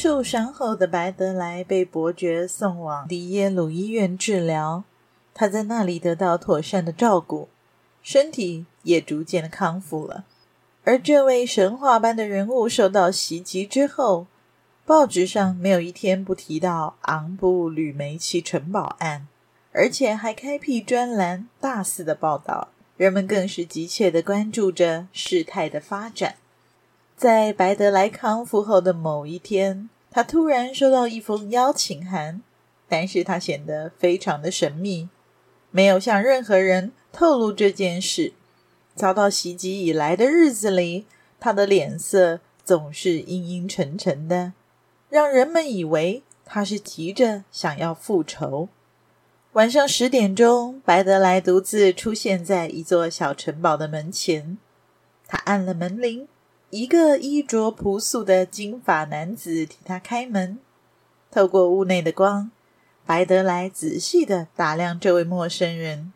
受傷後的白德萊被伯爵送往迪耶魯醫院治療，他在那裡得到妥善的照顧，身體也逐漸的康復了。而這位神話般的人物受到襲擊之後，報紙上沒有一天不提到昂布呂梅奇城堡案，而且還開闢專欄大肆的報道，人們更是急切的關注着事態的發展。在白德萊康復後的某一天，他突然收到一封邀請函，但是他顯得非常的神秘，沒有向任何人透露這件事。遭到襲擊以來的日子裡，他的臉色總是陰陰沉沉的，讓人們以為他是急着想要復仇。晚上十點鐘，白德萊獨自出現在一座小城堡的門前，他按了門鈴。一個衣着樸素的金髮男子替他開門。透過屋內的光，白德萊仔細的打量這位陌生人。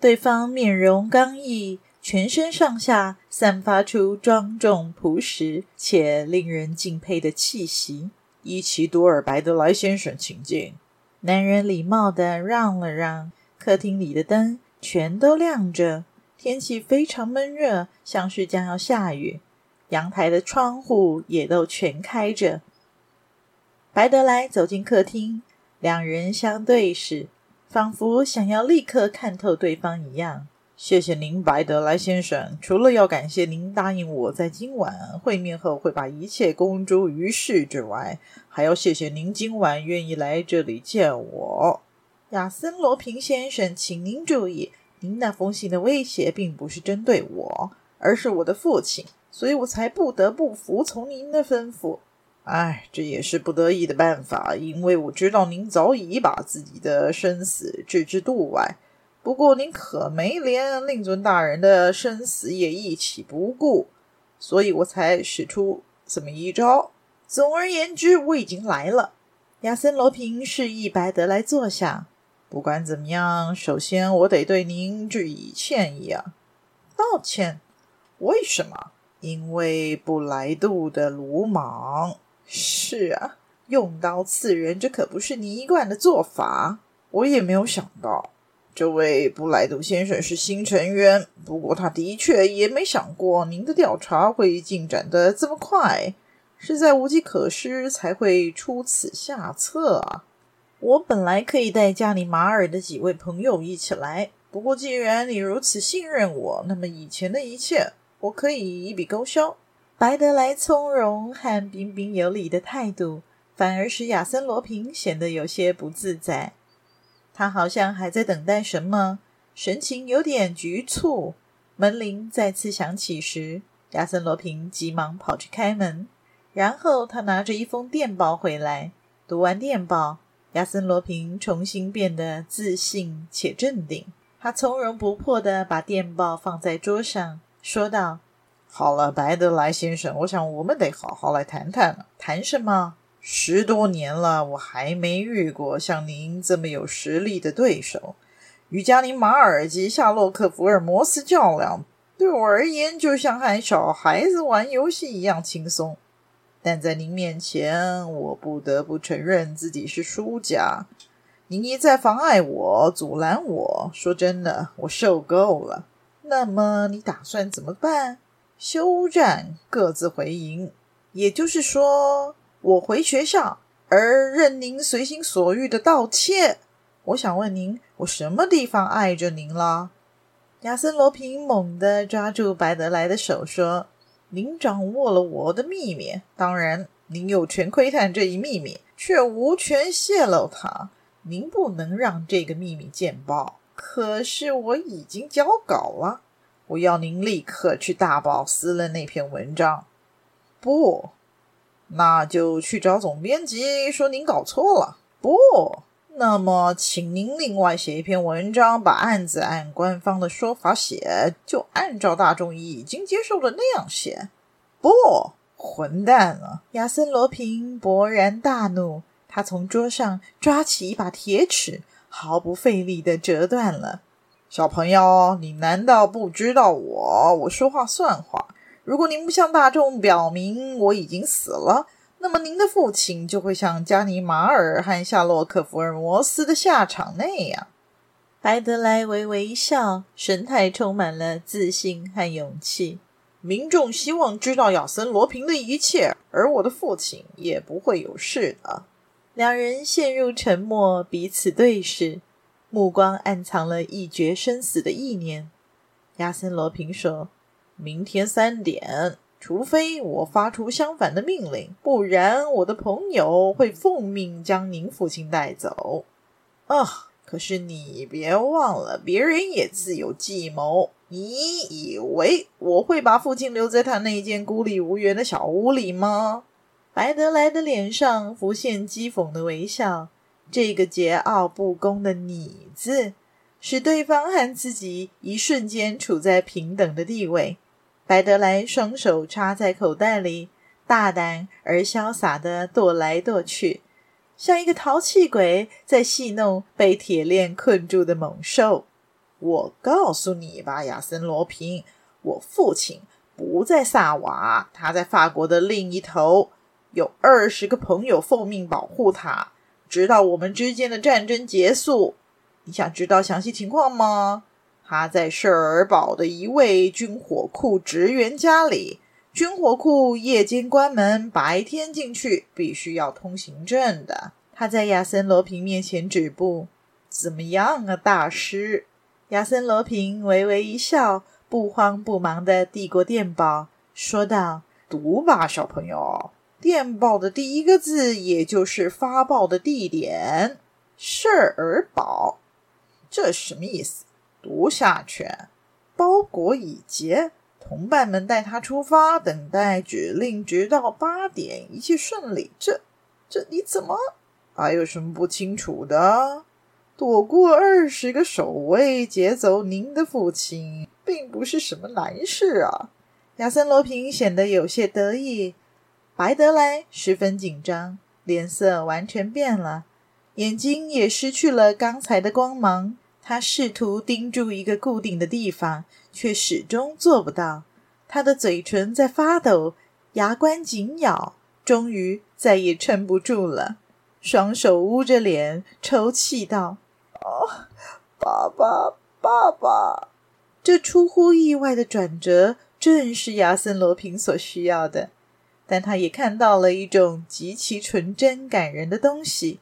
對方面容剛毅，全身上下散發出莊重、樸實且令人敬佩的氣息。伊西多爾，白德萊先生，請進。男人禮貌的讓了讓。客廳裡的燈全都亮着，天氣非常悶熱，像是將要下雨。陽台的窗戶也都全開着。白德萊走進客廳，兩人相對視，仿佛想要立刻看透對方一樣。謝謝您，白德萊先生。除了要感謝您答應我在今晚會面後會把一切公諸於世之外，還要謝謝您今晚願意來這裡見我。亞森·羅平先生，請您注意，您那封信的威脅並不是針對我，而是我的父親。所以我才不得不服從您的吩咐。哎，這也是不得已的辦法，因為我知道您早已把自己的生死置之度外。不過您可沒連令尊大人的生死也一起不顧，所以我才使出這麼一招。總而言之，我已經來了。亞森·羅蘋示意白德萊坐下。不管怎麼樣，首先我得對您致以歉意啊，道歉。為什麼？因為布萊度的魯莽。是啊，用刀刺人，這可不是你一貫的做法。我也沒有想到，這位布萊度先生是新成員。不過，他的確也沒想過您的調查會進展得這麼快。實在無計可施才會出此下策啊！我本來可以帶加尼馬爾的幾位朋友一起來，不過既然你如此信任我，那麼以前的一切……我可以一筆勾銷。白德萊從容和彬彬有禮的態度，反而使亞森羅平顯得有些不自在。他好像還在等待什麼，神情有點局促。門鈴再次響起時，亞森羅平急忙跑去開門，然後他拿着一封電報回來。讀完電報，亞森羅平重新變得自信且鎮定。他從容不迫地把電報放在桌上。說道：“好了，白德萊先生，我想我們得好好來談談了。談什麼？十多年了，我還沒遇過像您這麼有實力的對手。與加林·馬爾及夏洛克·福爾摩斯較量，對我而言就像和小孩子玩遊戲一樣輕鬆。但在您面前，我不得不承認自己是輸家。您一再妨礙我、阻攔我，說真的，我受夠了。”那麼你打算怎麼辦？休戰，各自回營。也就是說，我回學校，而任您隨心所欲的盜竊。我想問您，我什麼地方礙着您了？亞森·羅平猛地抓住白德萊的手說：“您掌握了我的秘密，當然，您有權窺探這一秘密，卻無權洩露它。您不能讓這個秘密見報。”可是我已經交稿了，我要您立刻去大報撕了那篇文章。不，那就去找總編輯說您搞錯了。不，那麼請您另外寫一篇文章，把案子按官方的說法寫，就按照大眾已經接受的那樣寫。不，混蛋了！亞森羅平勃然大怒，他從桌上抓起一把鐵尺。毫不費力的折斷了。小朋友，你難道不知道我，我說話算話。如果您不向大眾表明我已經死了，那麼您的父親就會像加尼馬爾和夏洛克·福爾摩斯的下場那樣。白德萊微微一笑，神態充滿了自信和勇氣。民眾希望知道亞森·羅平的一切，而我的父親也不會有事的。兩人陷入沉默，彼此對視，目光暗藏了一決生死的意念。亞森·羅平說：“明天三點，除非我發出相反的命令，不然我的朋友會奉命將您父親帶走。”啊，可是你別忘了，別人也自有計謀。你以為我會把父親留在他那間孤立無援的小屋裡嗎？白德萊的臉上浮現譏諷的微笑。這個桀驁不恭的“你”字，使對方和自己一瞬間處在平等的地位。白德萊雙手插在口袋裡，大膽而瀟灑地踱來踱去，像一個淘氣鬼在戲弄被鐵鏈困住的猛獸。我告訴你吧，亞森·羅蘋，我父親不在薩瓦，他在法國的另一頭。有二十個朋友奉命保護他，直到我們之間的戰爭結束。你想知道詳細情況嗎？他在舍爾堡的一位軍火庫職員家裡。軍火庫夜間關門，白天進去必須要通行證的。他在亞森·羅平面前止步。怎麼樣啊，大師？亞森·羅平微微一笑，不慌不忙的遞過電報，說道：“讀吧，小朋友。”電報的第一個字，也就是發報的地點，舍爾堡。這什麼意思？讀下去。包裹已劫，同伴們帶他出發，等待指令，直到八點，一切順利。這這你怎麼？還有什麼不清楚的？躲過二十個守衛，劫走您的父親，並不是什麼難事啊。亞森·羅平顯得有些得意。白德萊十分緊張，臉色完全變了，眼睛也失去了剛才的光芒。他試圖盯住一個固定的地方，卻始終做不到。他的嘴唇在發抖，牙關緊咬，終於再也撐不住了，雙手捂着臉抽泣道：“哦，爸爸，爸爸！”這出乎意外的轉折，正是亞森羅蘋所需要的。但他也看到了一種極其純真、感人的東西。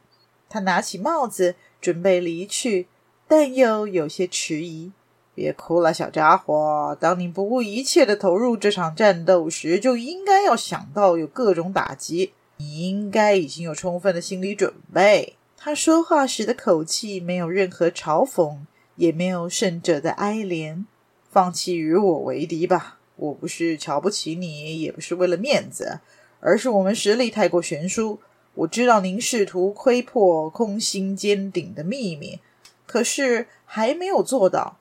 他拿起帽子，準備離去，但又有些遲疑。別哭了，小傢伙。當你不顧一切的投入這場戰鬥時，就應該要想到有各種打擊。你應該已經有充分的心理準備。他說話時的口氣沒有任何嘲諷，也沒有勝者的哀憐。放棄與我為敵吧。我不是瞧不起你，也不是為了面子，而是我們實力太過懸殊。我知道您試圖窺破空心尖頂的秘密，可是還沒有做到。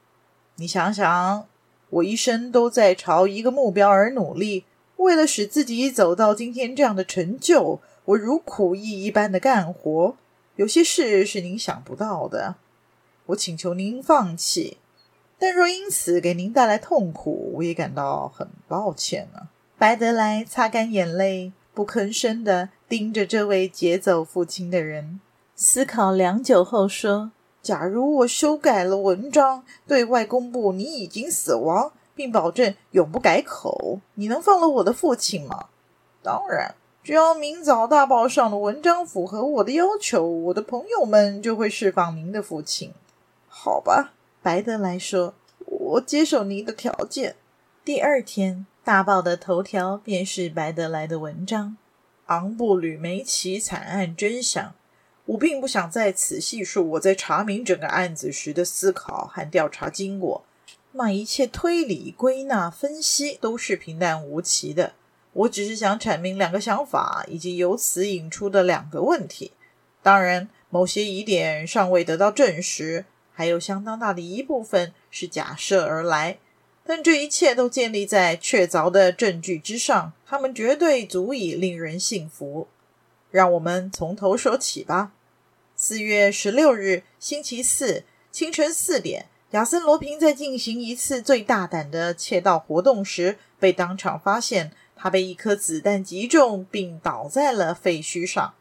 你想想，我一生都在朝一個目標而努力，為了使自己走到今天這樣的成就，我如苦役一般的幹活，有些事是您想不到的。我請求您放棄。但若因此給您帶來痛苦，我也感到很抱歉呢、啊。白德萊擦乾眼淚，不吭聲地盯着這位劫走父親的人，思考良久後說：“假如我修改了文章，對外公布你已經死亡，並保證永不改口，你能放了我的父親嗎？”“當然，只要明早大報上的文章符合我的要求，我的朋友們就會釋放您的父親。”“好吧。”白德萊說：“我接受您的條件。”第二天，大報的頭條便是白德萊的文章，《昂布呂梅奇慘案真相》。我並不想在此細述我在查明整個案子時的思考和調查經過，那一切推理、歸納、分析都是平淡無奇的。我只是想闡明兩個想法以及由此引出的兩個問題。當然，某些疑點尚未得到證實。還有相當大的一部分是假設而來，但這一切都建立在確鑿的證據之上，他們絕對足以令人信服。讓我們從頭說起吧。四月十六日，星期四清晨四點，亞森·羅平在進行一次最大膽的竊盜活動時被當場發現，他被一顆子彈擊中，並倒在了廢墟上。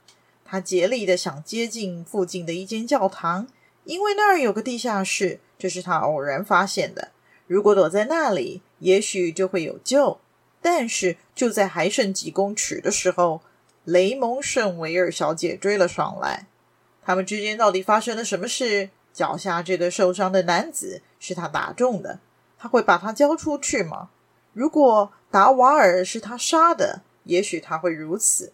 他竭力地想接近附近的一間教堂。因為那兒有個地下室，這是他偶然發現的。如果躲在那裡，也許就會有救。但是就在還剩幾公尺的時候，雷蒙·聖維爾小姐追了上來。他們之間到底發生了什麼事？腳下這個受傷的男子是他打中的，他會把他交出去嗎？如果達瓦爾是他殺的，也許他會如此。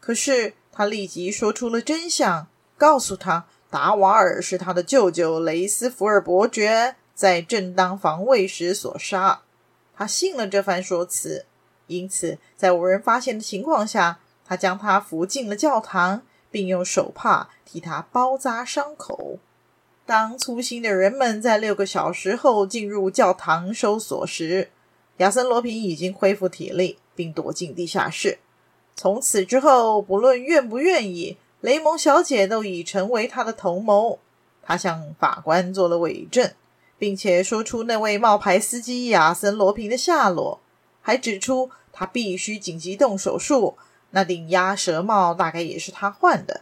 可是他立即說出了真相，告訴他。達瓦爾是他的舅舅雷斯福爾伯爵在正當防衛時所殺。他信了這番說辭，因此在無人發現的情況下，他將他扶進了教堂，並用手帕替他包紮傷口。當粗心的人們在六個小時後進入教堂搜索時，亞森羅平已經恢復體力，並躲進地下室。從此之後，不論願不願意，雷蒙小姐都已成為他的同謀。他向法官做了偽證，並且說出那位冒牌司機亞森·羅平的下落，還指出他必須緊急動手術。那頂鴨舌帽大概也是他換的。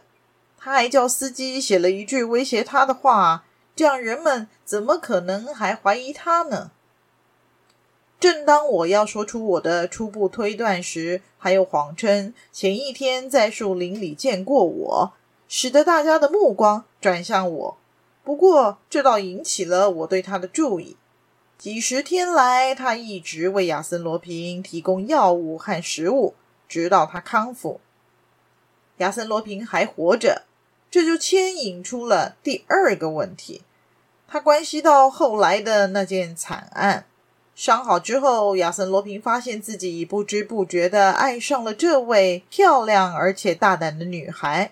他還叫司機寫了一句威脅他的話，這樣人們怎麼可能還懷疑他呢？正當我要說出我的初步推斷時，他又謊稱前一天在樹林裡見過我，使得大家的目光轉向我。不過，這倒引起了我對他的注意。幾十天來，他一直為亞森羅平提供藥物和食物，直到他康復。亞森羅平還活着，這就牽引出了第二個問題，他關係到後來的那件慘案。傷好之後，亞森·羅平發現自己已不知不覺的愛上了這位漂亮而且大膽的女孩。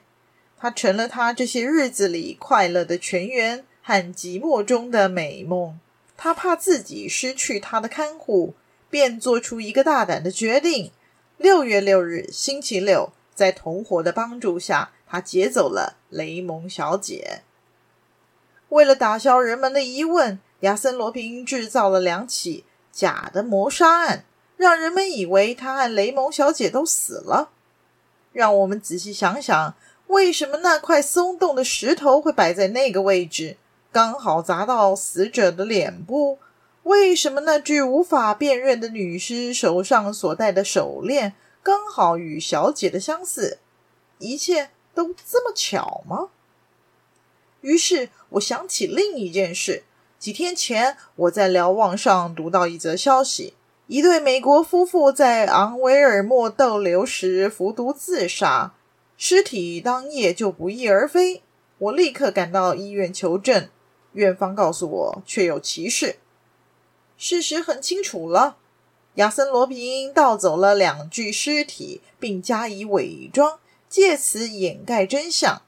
她成了他這些日子裡快樂的泉源和寂寞中的美夢。他怕自己失去她的看護，便做出一個大膽的決定。六月六日，星期六，在同夥的幫助下，他劫走了雷蒙小姐。為了打消人們的疑問，亞森·羅平製造了兩起假的謀殺案讓人們以為他和雷蒙小姐都死了。讓我們仔細想想，為什麼那塊鬆動的石頭會擺在那個位置，剛好砸到死者的臉部？為什麼那具無法辨認的女屍手上所戴的手鏈剛好與小姐的相似？一切都這麼巧嗎？於是我想起另一件事。幾天前，我在瞭望上讀到一則消息：一對美國夫婦在昂維爾莫逗留時服毒自殺，屍體當夜就不翼而飛。我立刻趕到醫院求證，院方告訴我確有其事。事實很清楚了，亞森·羅蘋盜走了兩具屍體，並加以偽裝，借此掩蓋真相。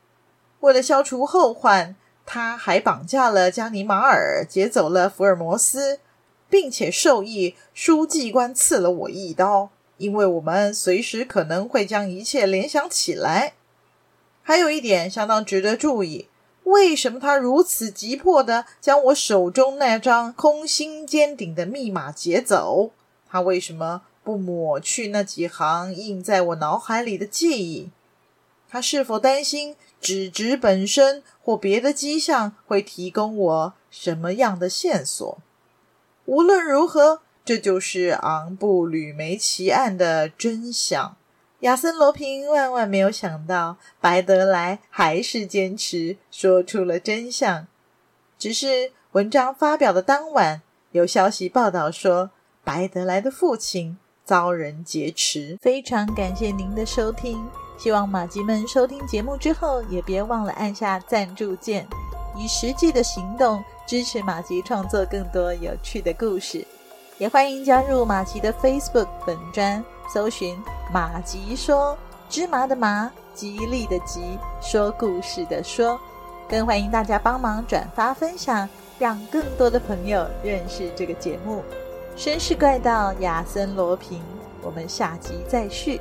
為了消除後患。他還綁架了加尼馬爾，劫走了福爾摩斯，並且授意書記官刺了我一刀，因為我們隨時可能會將一切聯想起來。還有一點相當值得注意，為什麼他如此急迫地將我手中那張空心尖頂的密碼劫走？他為什麼不抹去那幾行印在我腦海裡的記憶？他是否擔心？紙質本身或別的跡象會提供我什麼樣的線索？無論如何，這就是昂布呂梅奇案的真相。亞森·羅平萬萬沒有想到，白德萊還是堅持說出了真相。只是文章發表的當晚，有消息報道說，白德萊的父親遭人劫持。非常感謝您的收聽。希望馬吉們收聽節目之後，也別忘了按下贊助鍵，以實際的行動支持馬吉創作更多有趣的故事。也歡迎加入馬吉的 Facebook 本專，搜尋“馬吉說芝麻的麻，吉利的吉說故事的說”。更歡迎大家幫忙轉發分享，讓更多的朋友認識這個節目。紳士怪盜亞森羅平，我們下集再續。